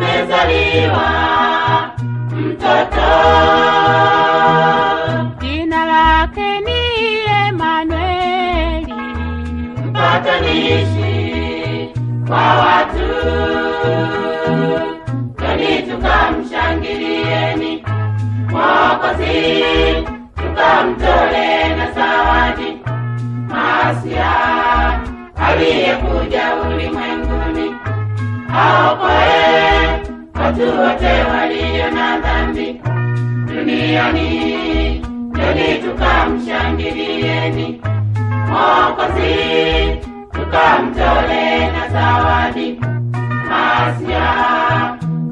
umezaliwa mtoto, jina lake ni Emanueli, mpatanishi kwa watu. Twende tukamshangilieni Mwokozi, tukamtole na zawadi Masia aliyekuja ulimwenguni watu wote walio na dhambi duniani, joni tukamshangilieni mokozi tukamtole na zawadi Masia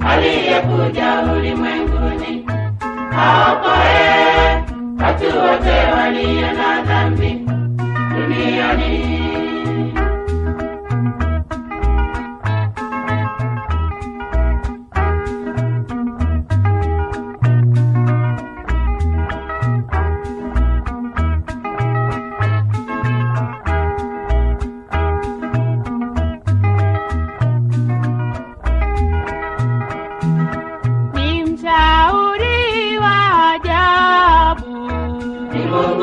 aliyekuja ulimwenguni aokoe watu wote walio na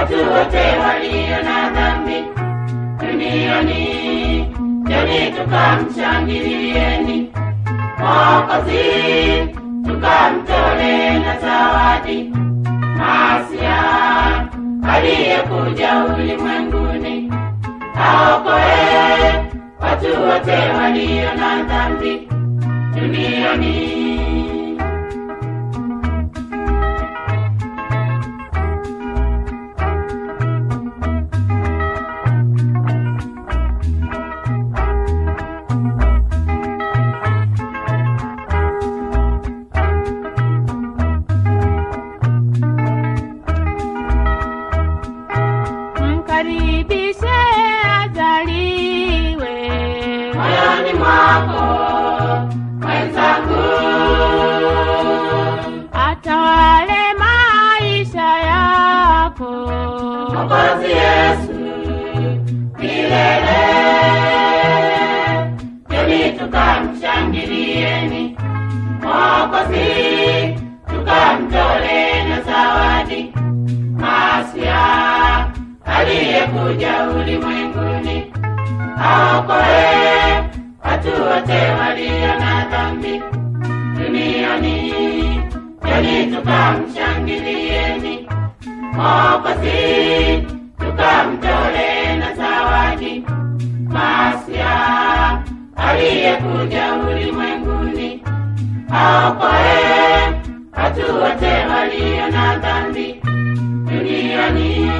watu wote walio na dhambi duniani, joni tukamshangilieni Mwokozi, tukamtole na zawadi Masia aliyekuja ulimwenguni aokoe watu wote walio na dhambi duniani. Mwokozi Yesu milele. Joni tukamshangilieni Mwokozi, tukamtole zawadi Masia aliyekuja ulimwenguni aokoe watu wote walio na dhambi duniani. Joni tukamshangilie Mwokozi tukamtole na zawadi Masia aliyekuja ulimwenguni aokoe watu wote walio na dhambi duniani.